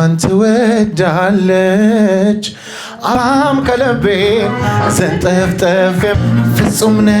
አንተ ወዳለች አም ከለቤ ዘንጠፍጠፍ ፍጹም ነ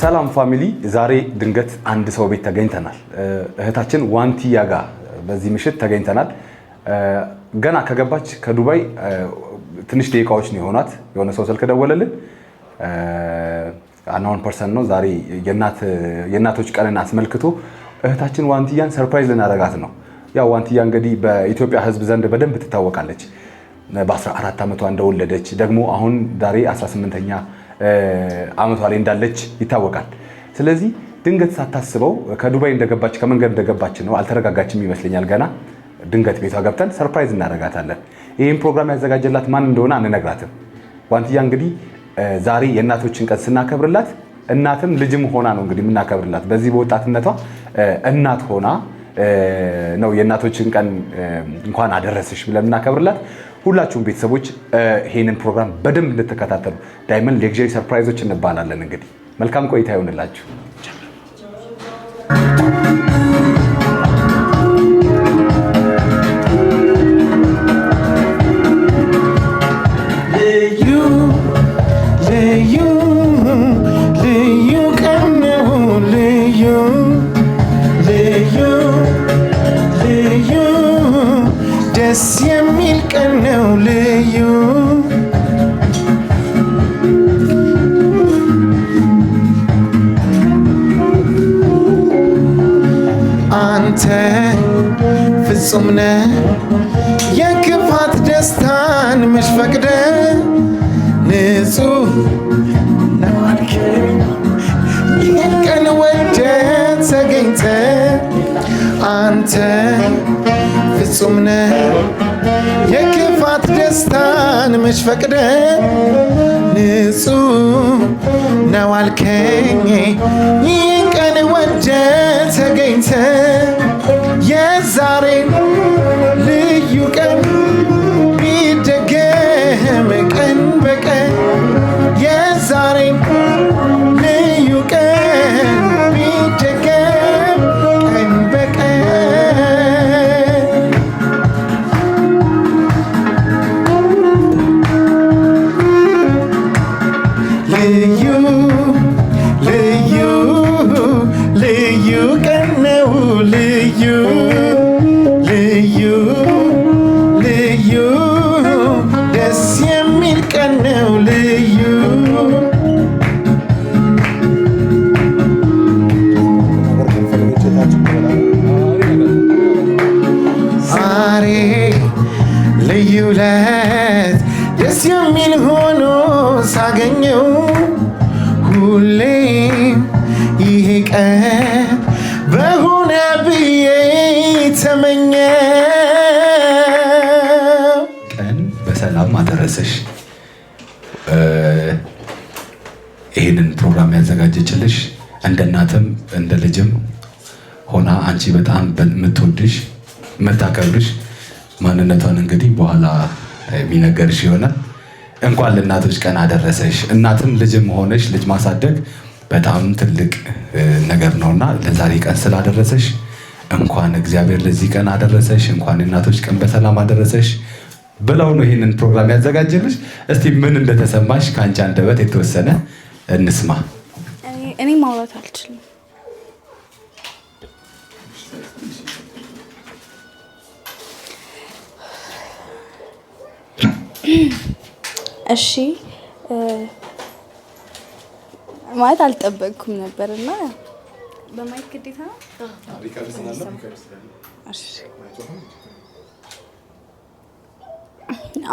ሰላም ፋሚሊ፣ ዛሬ ድንገት አንድ ሰው ቤት ተገኝተናል። እህታችን ዋንቲያ ጋር በዚህ ምሽት ተገኝተናል። ገና ከገባች ከዱባይ ትንሽ ደቂቃዎች ነው የሆናት። የሆነ ሰው ስልክ ደወለልን። አናውን ፐርሰን ነው። ዛሬ የእናቶች ቀንን አስመልክቶ እህታችን ዋንትያን ሰርፕራይዝ ልናደርጋት ነው። ያው ዋንትያ እንግዲህ በኢትዮጵያ ሕዝብ ዘንድ በደንብ ትታወቃለች። በ14 ዓመቷ እንደወለደች ደግሞ አሁን ዛሬ 18ኛ ዓመቷ ላይ እንዳለች ይታወቃል። ስለዚህ ድንገት ሳታስበው ከዱባይ እንደገባች ከመንገድ እንደገባች ነው፣ አልተረጋጋችም ይመስለኛል ገና። ድንገት ቤቷ ገብተን ሰርፕራይዝ እናደርጋታለን። ይህም ፕሮግራም ያዘጋጀላት ማን እንደሆነ አንነግራትም። ዋንትያ እንግዲህ ዛሬ የእናቶችን ቀን ስናከብርላት እናትም ልጅም ሆና ነው እንግዲህ የምናከብርላት። በዚህ በወጣትነቷ እናት ሆና ነው የእናቶችን ቀን እንኳን አደረሰሽ ብለን የምናከብርላት። ሁላችሁም ቤተሰቦች ይህንን ፕሮግራም በደንብ እንድትከታተሉ ዳይመንድ ሌክዠሪ ሰርፕራይዞች እንባላለን። እንግዲህ መልካም ቆይታ ይሆንላችሁ። ፍጹም ነ የክፋት ደስታን ፈቅደ ንጹህ ቀን ወደ ተገኝተ አንተ ፍጹም ነ የክፋት ደስታን መሽፈቅደ ንጹህ ነው አልከኝ ይህን ቀን ወደ ተገኝተ የዛሬ ልዩ ቀን ቢደገም ቀን በቀን የዛሬን ልዩ ለት ደስ የሚል ሆኖ ሳገኘው ሁሌም ይሄ ቀን በሆነ ብዬ ተመኘው። ቀን በሰላም አደረሰሽ። ይህንን ፕሮግራም ያዘጋጀችልሽ እንደ እናትም እንደ ልጅም ሆና አንቺ በጣም የምትወድሽ የምታከብርሽ ማንነቷን እንግዲህ በኋላ የሚነገርሽ ይሆናል። እንኳን ለእናቶች ቀን አደረሰሽ። እናትም ልጅም ሆነሽ ልጅ ማሳደግ በጣም ትልቅ ነገር ነውና ለዛሬ ቀን ስላደረሰሽ እንኳን እግዚአብሔር ለዚህ ቀን አደረሰሽ፣ እንኳን እናቶች ቀን በሰላም አደረሰሽ ብለው ነው ይህንን ፕሮግራም ያዘጋጀልሽ። እስቲ ምን እንደተሰማሽ ከአንቺ አንደበት የተወሰነ እንስማ። እኔ ማውራት አልችልም። እሺ ማለት አልጠበቅኩም ነበር እና በማይክ ግዴታ ነው።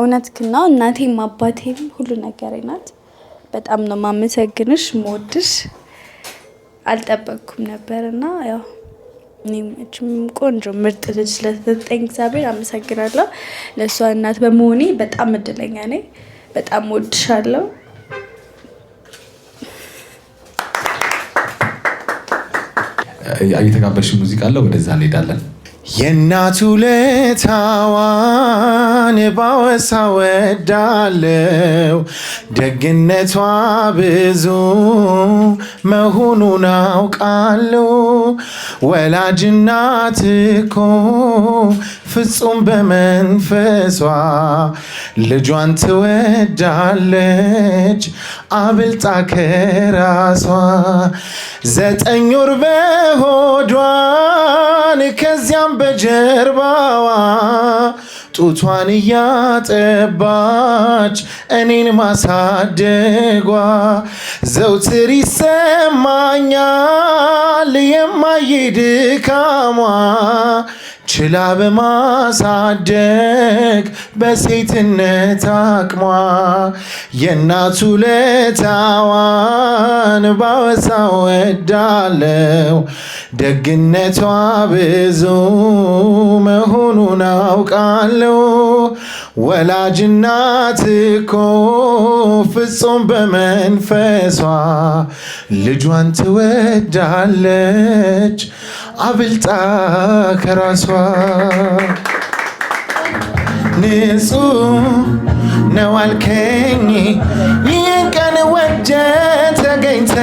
እውነትህን እናቴም አባቴም ሁሉ ነገሬ ናት። በጣም ነው ማመሰግንሽ፣ መወድሽ። አልጠበቅኩም ነበር እና ያው እኔም ቆንጆ ምርጥ ልጅ ስለተሰጠኝ እግዚአብሔር አመሰግናለሁ። ለእሷ እናት በመሆኔ በጣም እድለኛ ነኝ። በጣም ወድሻለሁ። እየተጋበሽ ሙዚቃ አለ፣ ወደዛ እንሄዳለን። የእናቱ ለታዋን ባወሳ ወዳለው ደግነቷ ብዙ መሆኑን አውቃለሁ። ወላጅናት እኮ ፍጹም በመንፈሷ ልጇን ትወዳለች አብልጣ ከራሷ ዘጠኝ ወር በሆዷ ፊቷን ከዚያም በጀርባዋ ጡቷን እያጠባች እኔን ማሳደጓ ዘውትር ይሰማኛል የማየ ድካሟ ችላ በማሳደግ በሴትነት አቅሟ የእናቱ ለታዋን ባወሳ ወዳለው ደግነቷ ብዙ መሆኑን አውቃለሁ። ወላጅናት እኮ ፍጹም በመንፈሷ ልጇን ትወዳለች። አብልጣ ከራሷ ንጹህ ነው አልከኝ ይህን ቀን ወጀ ተገኝተ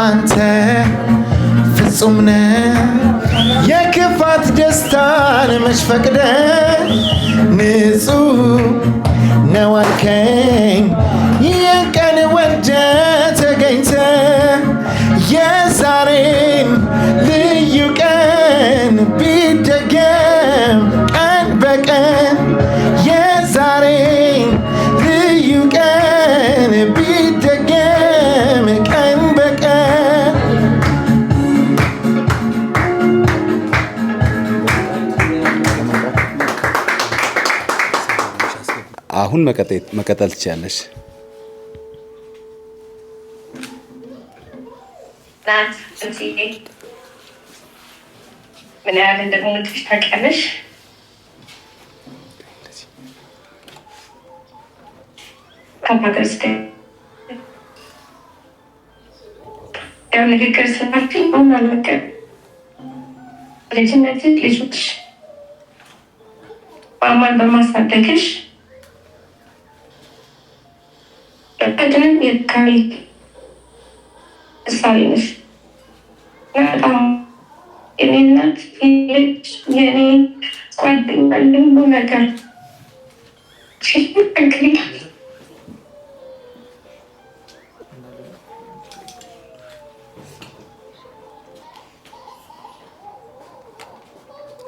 አንተ ፍጹም ነ የክፋት ደስታን መሽፈቅደ ንጹህ ነው አልከኝ ይህን ቀን ወጀ ተገኝተ የዛሬን ልዩ ቀን ቢደገም ቀን በቀን የዛሬን ልዩ ቀን ቢደገም ቀን በቀን አሁን መቀጠል ትችያለሽ። ምን ያህል እንደምንወድሽ ታውቂያለሽ። ያው ንግግር አልበቀም ልጆች በአማን በማሳደግሽ በቀድንም የካሪ ምሳሌ ነሽ። በጣም የኔነት ልጅ የኔ ጓደኛ ሁሉ ነገር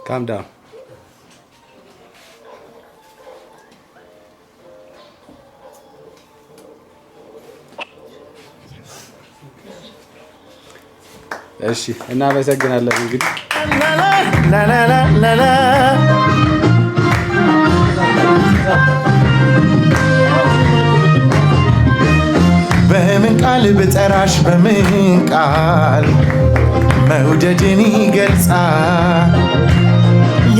Calm down. እሺ እናመሰግናለን። እንግዲህ በምን ቃል ብጠራሽ በምን ቃል መውደድን ይገልጻል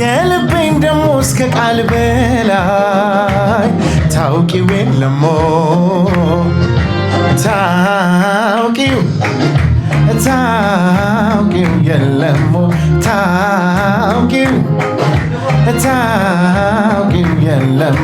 የልቤን ደሞ እስከ ቃል በላይ ታውቂው የለሞ ታውቂው ታውቂው የለም ታውቂው ታውቂው የለም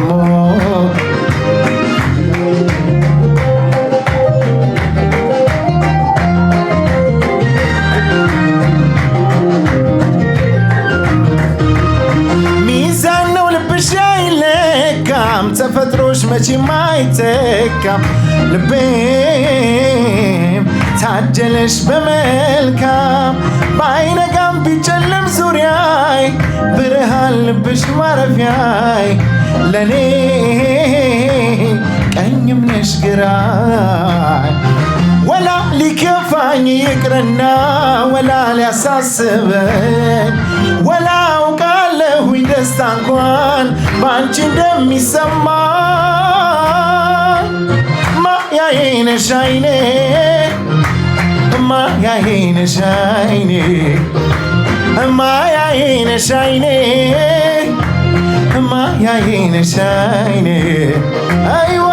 ሚዛን ነው ልብሽ ተፈጥሮሽ መቼም አይተካም ልቤ ታጀለሽ በመልካም ባይነጋም ቢጨልም ዙሪያይ ብርሃን ልብሽ ማረፊያይ ለኔ ቀኝም ነሽ ግራይ ወላ ሊከፋኝ ይቅርና ወላ ሊያሳስበኝ ወላ አውቃለሁኝ ደስታ እንኳን በአንቺ እንደሚሰማ ማያዬ ነሽ አይኔ እማ ያይነሽ አይኔ እማ ያይነሽ አይኔ እማ አይኔ አይዋ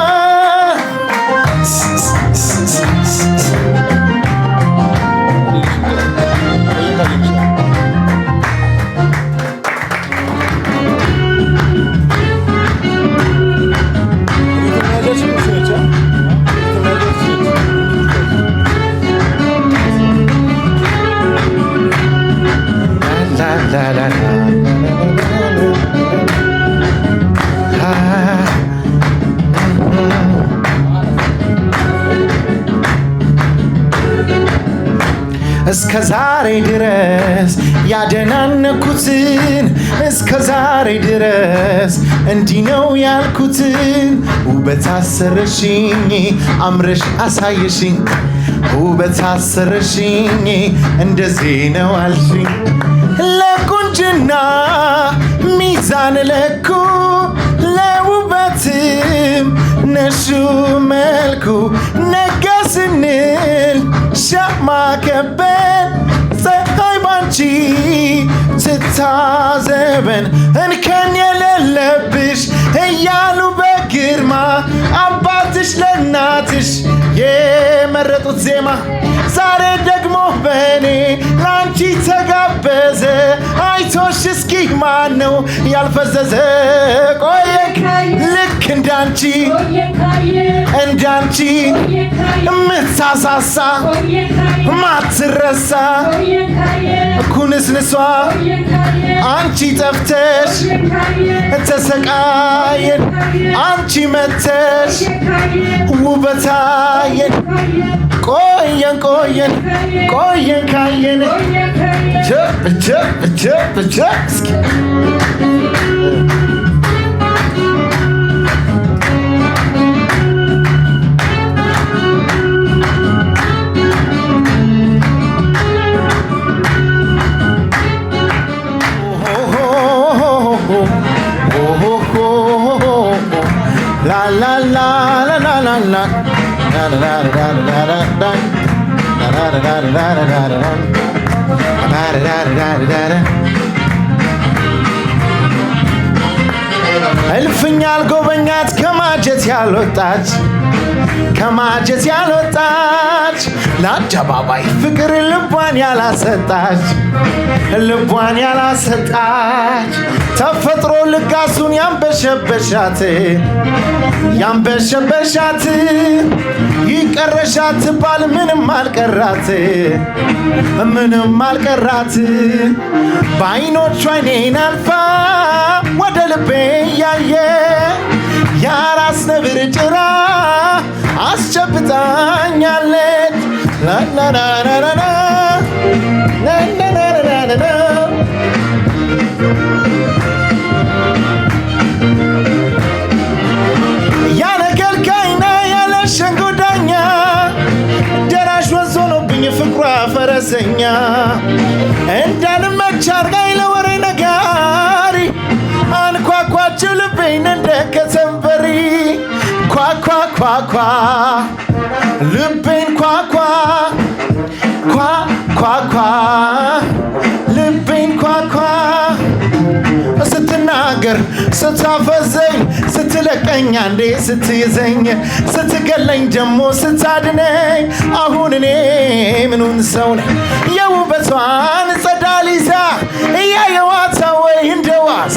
እንዲህ ነው ያልኩትን ውበት አሰረሽኝ አምረሽ አሳየሽኝ ውበት አሰረሽኝ እንደዚህ ነው አልሽኝ ለቁንጅና ሚዛን ለኩ ለውበትም ነሹ መልኩ ነገ ስንል ሻማ ከበን ፀሐይ ባንቺ ስታዘበን እንከን የሌለብሽ እያሉ በ ግርማ አባትሽ ለእናትሽ የመረጡት ዜማ ዛሬ ደግሞ በእኔ ላንቺ ተጋበዘ። አይቶሽ እስኪ ማን ነው ያልፈዘዘ? ቆየክ ልክ እንዳንቺ እንዳንቺ ምታሳሳ ማትረሳ ኩንስንሷ አንቺ ጠፍተሽ ተሰቃየን አንቺ መተሽ ውበታየን ቆየን ቆየን ቆየን ካየን ከማጀት ያልወጣች ከማጀት ያልወጣች ለአደባባይ ፍቅር ልቧን ያላሰጣች ልቧን ያላሰጣች ተፈጥሮ ልጋሱን ያንበሸበሻት ያንበሸበሻት ይቀረሻት ባል ምንም አልቀራት ምንም አልቀራት በአይኖቿ አይኔን አልፋ ወደ ልቤ ያየ የአራስ ነብር ጭራ አስጨብጣኛለች። ላላላላላ ያለ ገልጋይና ያለ ሸንጎዳኛ ደራሽ ወዞኖብኝ ፍቅሯ ፈረሰኛ እንዳልመች ለወሬ ነጋሪ አንኳኳችው ልቤን እንደከሰ ኳኳኳኳ ልቤን ኳኳ ኳኳኳ ልቤን ኳኳ ስትናገር ስታፈዘኝ ስትለቀኝ አንዴ ስትይዘኝ ስትገለኝ ደግሞ ስታድነኝ አሁን እኔ ምኑን ሰው ነኝ? የውበቷን ጸዳሊዛ እያየዋታ ወይ እንደዋዛ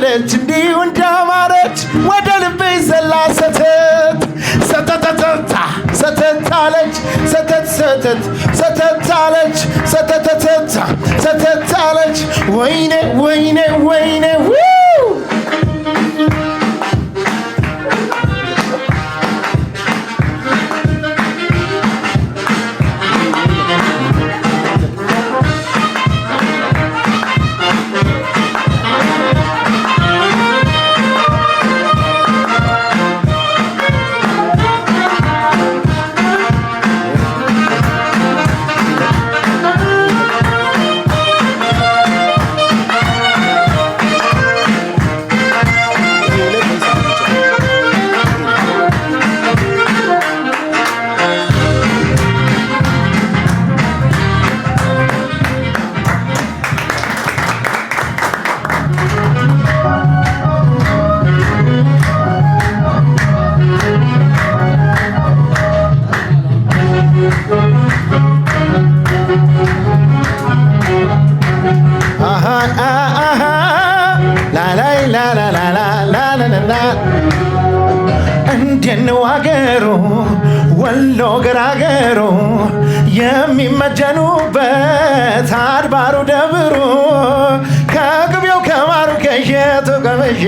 አለች እንዲሁ እንዳማረች ወደ ልቤ ዘላ ሰተት ሰተተተታ ሰተት አለች ሰተት ሰተት ሰተት አለች ሰተተተታ ሰተት አለች ወይኔ ወይኔ ወይኔ እንዴት ነው ወሎ ገራገሩ የሚመጀኑበት አድባሩ ደብሩ ቀምሼ ቱቀምሼ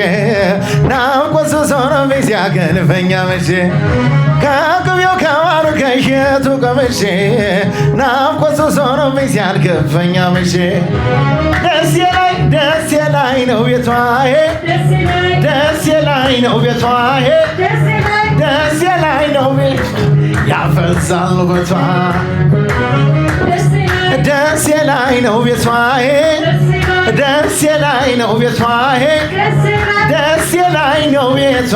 ናቆሱ ሰውነው ቤት ሲያገልፈኛ መቼ ከቅቤው ከማሩ ቀምሼ ቱቀምሼ ናቆሱ ሰውነው ቤት ሲያልገፈኛ መቼ ደሴ ላይ ደሴ ላይ ነው ቤቷ ደሴ ላይ ነው ቤቷ ደሴ ላይ ነው ቤቷ ያፈዛል ውበቷ ደሴ ላይ ነው ቤቷዬ ደሴ ላይ ነው ቤቷዬ ደሴ ላይ ነው ቤቷ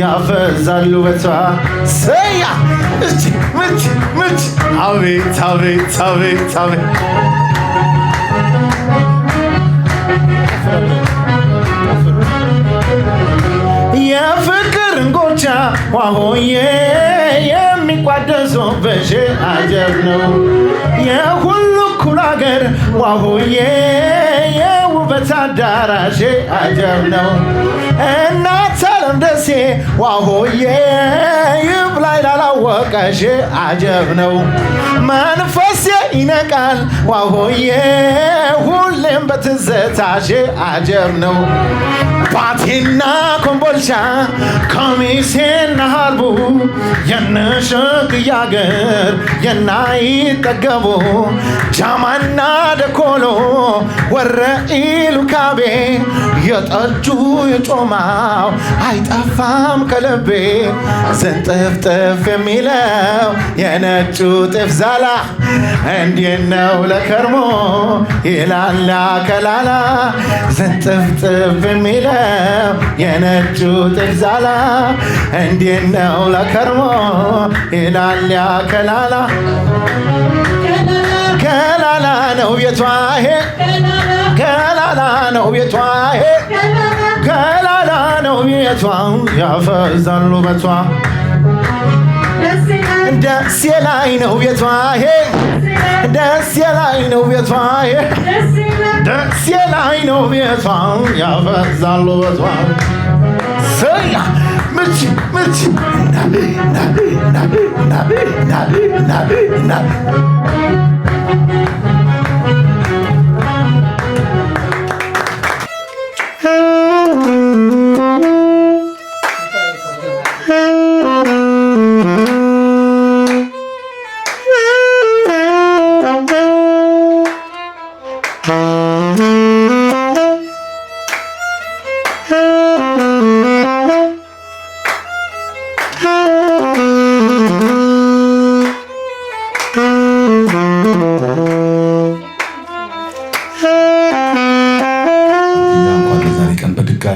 ያፈዛሉ በቷ ሰያ እች ምች ምች አቤት አቤት አቤት አቤት የፍቅር እንጎቻ ዋሆዬ ሲቋደሱ በሽ አጀብ ነው የሁሉ ኩል አገር ዋሆዬ የውበት አዳራሽ አጀብ ነው እናት አጀብ ደሴ ዋሆዬ ይብላኝ ላላወቀሽ አጀብ ነው መንፈሴ ይነቃል ዋሆዬ ሁሌም በትዘታሽ አጀብ ነው ባቲና ኮምቦልቻ ከሚሴና ሀርቡ የነሸክያ ገር የናይጠገቡ ጃማና ደኮሎ ወረ ኢሉካቤ የጠጁ የጮማው አይጠፋም ከልቤ ዝንጥፍጥፍ የሚለው የነጩ ጥፍ ዛላ እንዲህ ነው ለከርሞ ይላላ ከላላ ዝንጥፍጥፍ የሚለው የነጩ ጥፍ ዛላ እንዲህ ነው ለከርሞ ይላላ ከላላ ከላላ ነው ቤቷ ሄ ከላላ ነው ቤቷ ሄ ከላላ ነው ቤቷ ያፈዛሉ ውበቷ ደሴ ላይ ነው ቤቷ ደሴ ላይ ነው ቤቷ ደሴ ላይ ነው ቤቷ ያፈዛል ውበቷ ምች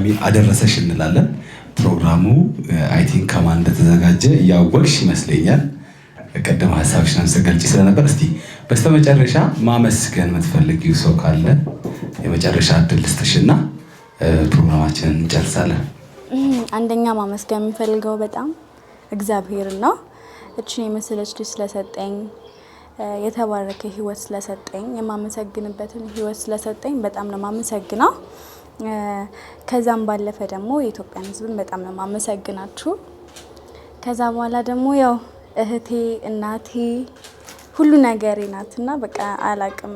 በድጋሚ አደረሰሽ እንላለን። ፕሮግራሙ አይ ቲንክ ከማን እንደተዘጋጀ እያወቅሽ ይመስለኛል። ቅድም ሀሳብሽን ስትገልጪ ስለነበር እስቲ በስተመጨረሻ ማመስገን የምትፈልጊው ሰው ካለ የመጨረሻ እድል ልስጥሽና ፕሮግራማችንን እንጨርሳለን። አንደኛ ማመስገን የምፈልገው በጣም እግዚአብሔር ነው። እችን የመሰለች ልጅ ስለሰጠኝ፣ የተባረከ ህይወት ስለሰጠኝ፣ የማመሰግንበትን ህይወት ስለሰጠኝ በጣም ነው ማመሰግነው። ከዛም ባለፈ ደግሞ የኢትዮጵያን ሕዝብን በጣም ነው ማመሰግናችሁ። ከዛ በኋላ ደግሞ ያው እህቴ እናቴ ሁሉ ነገሬ ናትና በቃ አላቅም።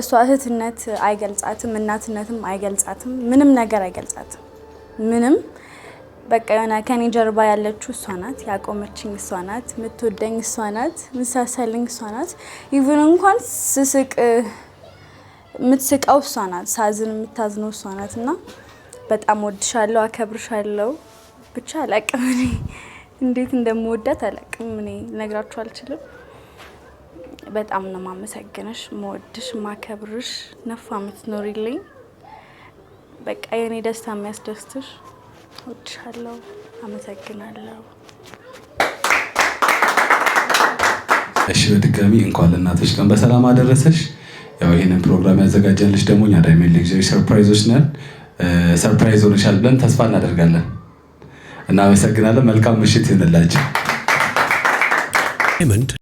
እሷ እህትነት አይገልጻትም፣ እናትነትም አይገልጻትም፣ ምንም ነገር አይገልጻትም። ምንም በቃ የሆነ ከኔ ጀርባ ያለችው እሷ ናት፣ ያቆመችኝ እሷ ናት፣ የምትወደኝ እሷ ናት፣ ምሳሳልኝ እሷ ናት። ኢቭን እንኳን ስስቅ የምትስቀው እሷ ናት። ሳዝን የምታዝነው እሷ ናት። እና በጣም ወድሻለሁ፣ አከብርሻለሁ። ብቻ አላቅም እኔ እንዴት እንደምወዳት አላቅም። እኔ ነግራችሁ አልችልም። በጣም ነው ማመሰግነሽ፣ መወድሽ፣ ማከብርሽ፣ ነፋ የምትኖሪልኝ በቃ የእኔ ደስታ የሚያስደስትሽ። ወድሻለሁ፣ አመሰግናለሁ። እሺ፣ በድጋሚ እንኳን ለእናቶች ቀን በሰላም አደረሰሽ። ያው ይህንን ፕሮግራም ያዘጋጀን ልጅ ደግሞ እኛ ዳይመንድ ሌክዥሪ ሰርፕራይዞች ነን። ሰርፕራይዝ ሆነሻል ብለን ተስፋ እናደርጋለን። እናመሰግናለን። መልካም ምሽት ይሆንላቸው።